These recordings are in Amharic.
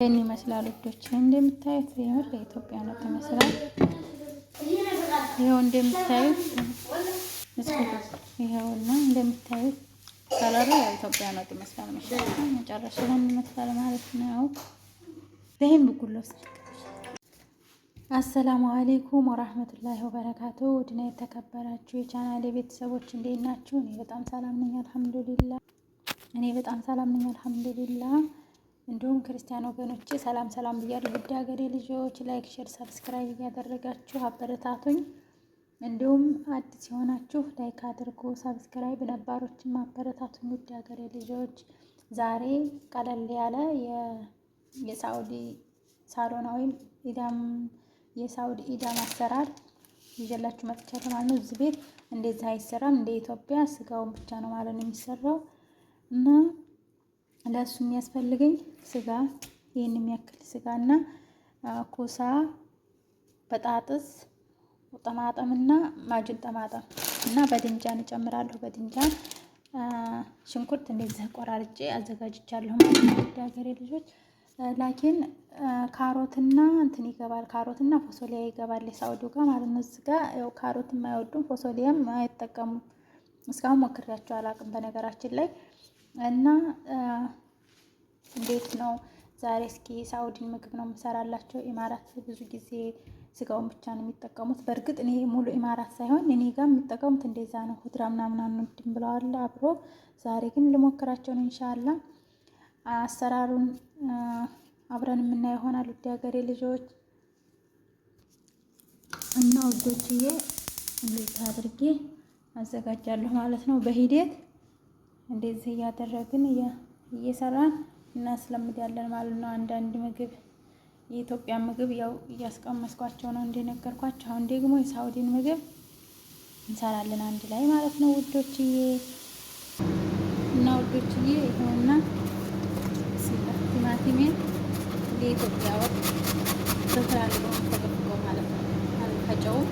ይህን ይመስላል ውዶች፣ እንደምታዩት የምር የኢትዮጵያ ነው ይመስላል። ይኸው እንደምታዩት ይኸውና እንደምታዩት ከለሩ የኢትዮጵያ ነው ይመስላል። መጨረሻውን ይመስላል ማለት ነው። ዘይን ብጉሎ አሰላሙ አሌይኩም ወራህመቱላሂ ወበረካቱ። ውድና የተከበራችሁ የቻናሌ ቤተሰቦች እንዴት ናችሁ? እኔ በጣም ሰላም ነኝ አልሐምዱሊላ። እኔ በጣም ሰላም ነኝ አልሐምዱሊላ እንዲሁም ክርስቲያን ወገኖቼ ሰላም ሰላም ብያለሁ። ውድ ሀገሬ ልጆች ላይክ፣ ሼር፣ ሰብስክራይብ እያደረጋችሁ አበረታቱኝ። እንዲሁም አዲስ የሆናችሁ ላይክ አድርጉ፣ ሰብስክራይብ፣ ነባሮችን ማበረታቱኝ። ውድ ሀገሬ ልጆች ዛሬ ቀለል ያለ የሳውዲ ሳሎና ወይም ኢዳም የሳውዲ ኢዳም አሰራር ይዤላችሁ መጥቻለሁ ማለት ነው። እዚህ ቤት እንደዚህ አይሰራም። እንደ ኢትዮጵያ ስጋውን ብቻ ነው ማለት ነው የሚሰራው እና ለእሱ የሚያስፈልገኝ ስጋ ይህን የሚያክል ስጋ ስጋና ኮሳ፣ በጣጥስ፣ ጠማጠም ጠማጠምና ማጅን ጠማጠም እና በድንጃን እጨምራለሁ። በድንጃን ሽንኩርት እንደዚህ ቆራርጬ አዘጋጅቻለሁ ማለት ነው። ሀገሬ ልጆች ላኪን ካሮትና እንትን ይገባል። ካሮትና ፎሶሊያ ይገባል የሳውዲ ጋር ማለት ነው። እዚህ ጋ ያው ካሮት የማይወዱም ፎሶሊያም አይጠቀሙም። እስካሁን ሞክሬያቸው አላውቅም በነገራችን ላይ እና እንዴት ነው ዛሬ እስኪ ሳውዲን ምግብ ነው የምሰራላቸው። ኢማራት ብዙ ጊዜ ስጋውን ብቻ ነው የሚጠቀሙት። በእርግጥ እኔ ሙሉ ኢማራት ሳይሆን እኔ ጋር የሚጠቀሙት እንደዛ ነው። ሁድራ ምናምናምን ድም ብለዋል አብሮ። ዛሬ ግን ልሞክራቸው ነው አሰራሩን አብረን የምናየው ይሆናል። ውድ ሀገሬ ልጆች እና ውዶችዬ እንዴት አድርጌ አዘጋጃለሁ ማለት ነው በሂደት እንደዚህ እያደረግን እየሰራን እናስለምዳለን ማለት ነው። አንዳንድ ምግብ የኢትዮጵያ ምግብ ያው እያስቀመስኳቸው ነው እንደነገርኳቸው። አሁን ደግሞ የሳውዲን ምግብ እንሰራለን አንድ ላይ ማለት ነው ውዶችዬ እና ውዶችዬ ይሁንና ቲማቲሜን እንደ ኢትዮጵያ ወጥ በስራ ልገውን ማለት ነው አልፈጨውም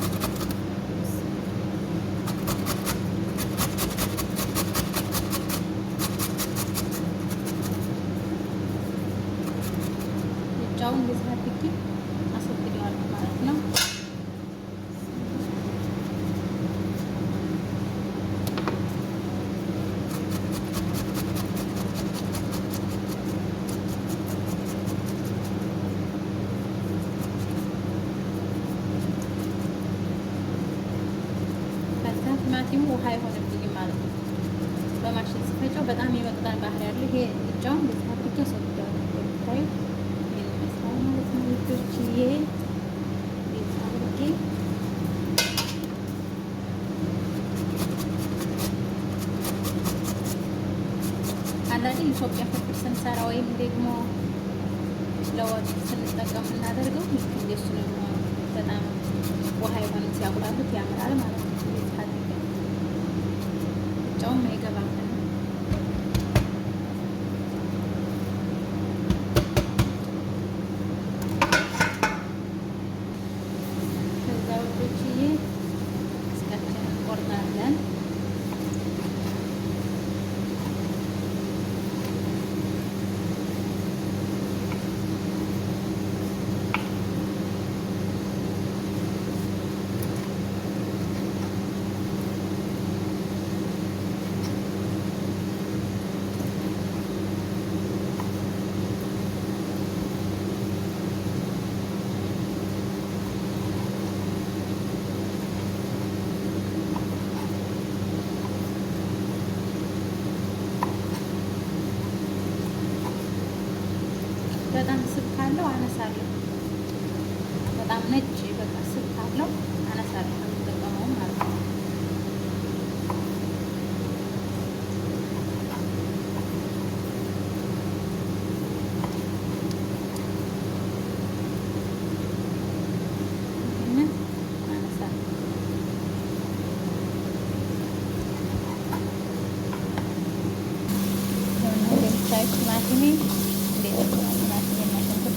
እቃውን እንደዚህ አድርጌ አስወግደዋለሁ ማለት ነው። ቲማቲሙ ውሃ ይሆንብኝ ማለት ነው። በማሽን ስፈጨው በጣም የመቅጠን ባህሪ ያለው ይሄ ብቻውን कुछ ये निकाल के አንዳንዴ ኢትዮጵያ ስንሰራ ወይም ደግሞ ለወጥ ስንጠቀም እናደርገው ልክ እንደሱ ነው የሚሆነው። በጣም ውሃ የሆነ ሲያቁላሉት ያምራል ማለት ነው። ጨውም አይገባም። করছি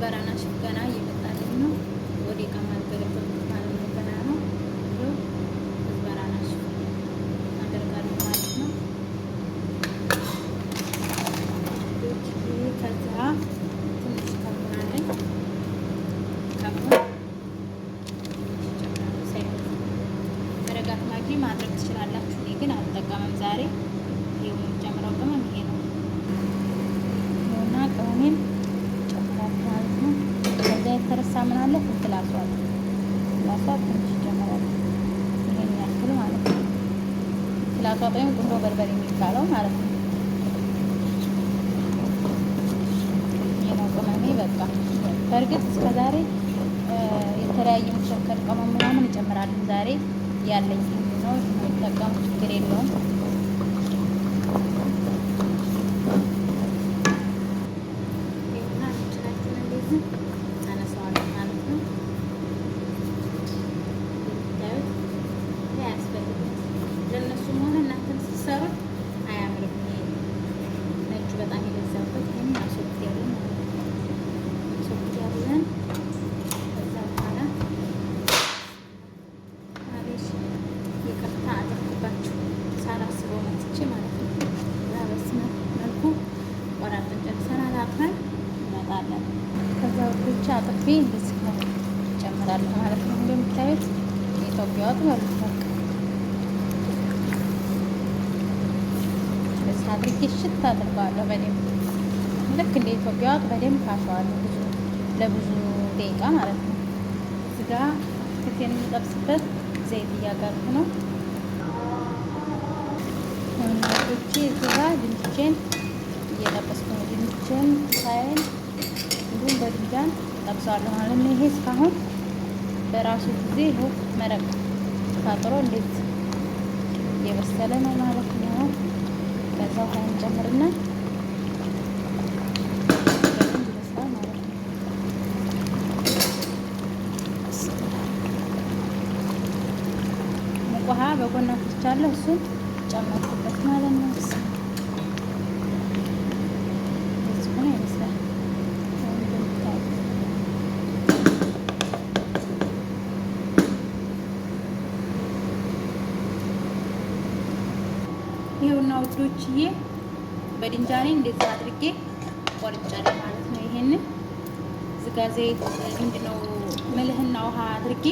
በራና ሽፍገና አቷጥ ወይም ቁንዶ በርበሬ የሚባለው ማለት ነው። ቅመሜ በቃ በእርግጥ ዛሬ የተለያየ የሚሸከል ቅመም ምናምን ይጨምራል። ዛሬ ያለኝ ነው የምጠቀም ችግር የለውም። አድርጌዋት ማለት ነው። አድርጌ ሽት አድርገዋለሁ በደንብ ልክ እንደ ኢትዮጵያ ወጥ በደንብ ካሸዋለሁ ብዙ ለብዙ ደቂቃ ማለት ነው። እዚህ ጋ ክትቴን የምጠብስበት ዘይት እያጋርኩ ነው። ቼ እዚህ ጋ ድንቼን እየጠበስኩ ነው። ድንቼን ሳይን እንዲሁም በድንጃን ጠብሰዋለሁ ማለት ነው። ይሄ እስካሁን በራሱ ጊዜ ይኸው መረቅ ፋጥሮ እንዴት የበሰለ ነው ማለት ነው። ከዛ ውሃ እንጨምርና ሙቅ ውሃ በጎና ፍርቻለሁ እሱን ጨመርኩበት ማለት ነው። ውዶችዬ በድንጃኔ እንደዚህ አድርጌ ቆርጫለሁ ማለት ነው። ይሄንን እዚጋ ዘይት ምንድን ነው ምልህና ውሃ አድርጌ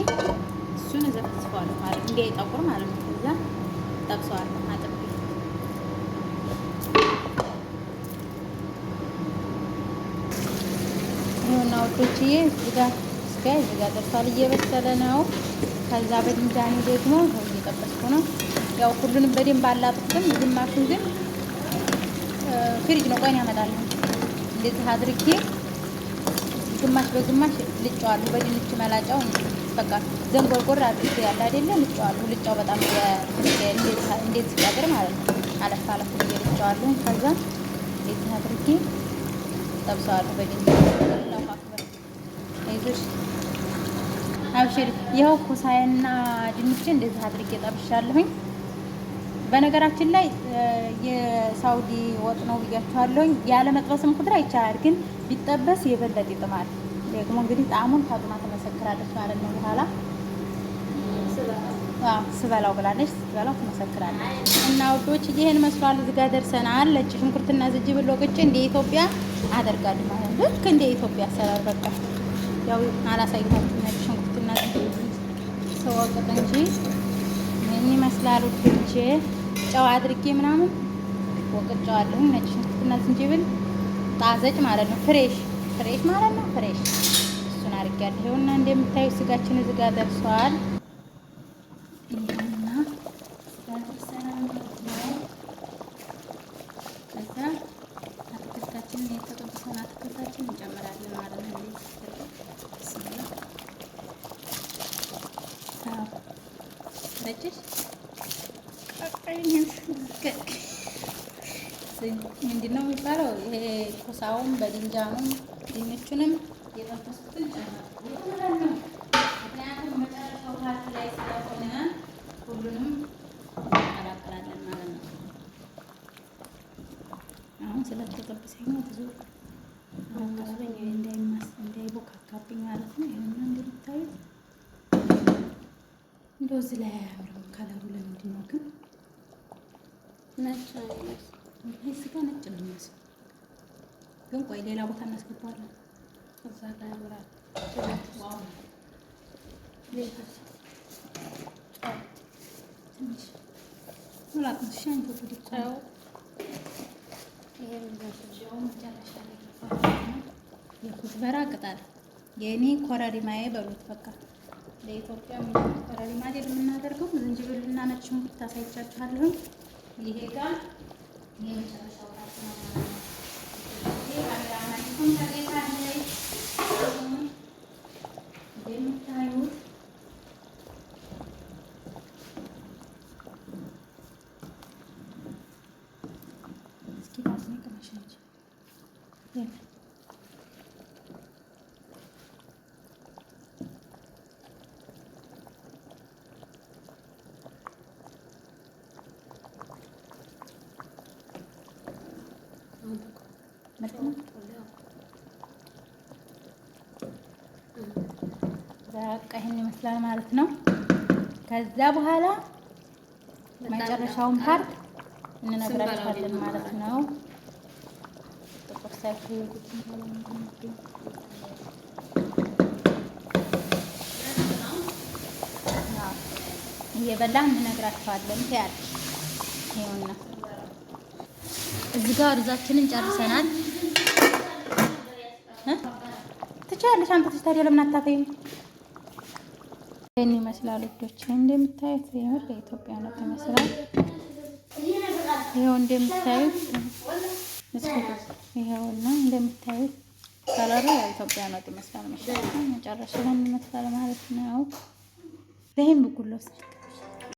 እሱን እዘፈዝፈዋለሁ ማለት እንዳይጠቁር ማለት ነው። ከዛ ጠብሰዋለሁ አጥቤ ይሁና ውዶችዬ እዚጋ እስጋ እዚጋ ደርሷል፣ እየበሰለ ነው። ከዛ በድንጃኔ ደግሞ እየጠበስኩ ነው። ያው ሁሉንም በደንብ አላጥፍም። ግማሹን ግን ፍሪጅ ነው ቆይን ያመጣለሁ። እንደዚህ አድርጌ ግማሽ በግማሽ ልጫዋለሁ። በድንቹ መላጫው በቃ ዘንጎርጎር አድርጌ ያለ አይደለ ልጫዋለሁ። ልጫው በጣም እንዴት ሲቀጥር ማለት ነው። አለፍ አለፍ ብዬ ልጫዋለሁ። ከዛ እንደዚህ አድርጌ ጠብሰዋለሁ። በድንቹ አብሽር። አብሽሪ። ይኸው ኩሳዬና ድንቼ እንደዚህ አድርጌ ጠብሻለሁኝ። በነገራችን ላይ የሳውዲ ወጥ ነው ብያችኋለሁኝ። ያለ መጥበስም ቁድር አይቻላል፣ ግን ቢጠበስ የበለጠ ይጥማል። ደግሞ እንግዲህ ጣዕሙን ፋጡማ ትመሰክራለች ማለት ነው። በኋላ ስበላው ብላለች፣ ስበላው ትመሰክራለች። እና ውዶች ይህን መስሏል። እዚህ ጋር ደርሰናል። ነጭ ሽንኩርትና ዝንጅብል ወቅጬ እንደ ኢትዮጵያ አደርጋለሁ ማለት ነው። ልክ እንደ ኢትዮጵያ አሰራር በቃ ያው አላሳይታችሁ ነጭ ሽንኩርትና ዝንጅብል ስወቅጥ እንጂ ምን ይመስላል ውዶቼ። ጨው አድርጌ ምናምን ወቅጨዋለሁ። ነጭ ሽንኩርትና ዝንጅብል ጣዘጭ ማለት ነው። ፍሬሽ ፍሬሽ ማለት ነው። ፍሬሽ እሱን አድርጌያለሁ። ይኸውና እንደምታዩ ስጋችን እዚህ ጋ ደርሷል። በሳውም በድንጃኑም ድንቹንም የጠበስኩትን ጨመርኩ። ምክንያቱም መጨረሻው ፓርቲ ላይ ስለሆነ ሁሉንም ማለት ነው። አሁን ስለተጠበሰኝ ብዙ እንዳይቦካካብኝ ማለት ነው። እንደው እዚህ ላይ አያምርም። ከለሩ ለምንድን ነው ግን ነጭ ነው? ስጋ ነጭ ነው ግን ቆይ ሌላ ቦታ እናስገባለን እዛ ጋር ያምራል። የኩዝበራ ቅጠል የኔ ኮረሪማዬ በሉት በቃ ለኢትዮጵያ ኮረሪማ ሌል የምናደርገው ዝንጅብልና ነጭ ሽንኩርት ታሳይቻችኋለሁ። ይሄ ጋር የመጨረሻ टीस्पून लगेगा हमें देख इसकी बात नहीं करना चाहिए በቃ ይሄን ይመስላል ማለት ነው። ከዛ በኋላ መጨረሻውን ፓርት እንነግራችኋለን ማለት ነው። ጥቁር ሳይኩ እየበላን እንነግራችኋለን ያለ ይኸውና እዚህ ጋር እርዛችንን ጨርሰናል። ትችያለሽ አንተ ታዲያ ለምን አታፈይም? ይህን ይመስላል ውዶች፣ እንደምታዩት የምር የኢትዮጵያ ነው ይመስላል። ይኸው እንደምታዩት ይኸውና እንደምታዩት ከለሩ የኢትዮጵያ ነው ይመስላል። መጨረሻ ይመስላል ማለት ነው። ለይህም ብጉሎ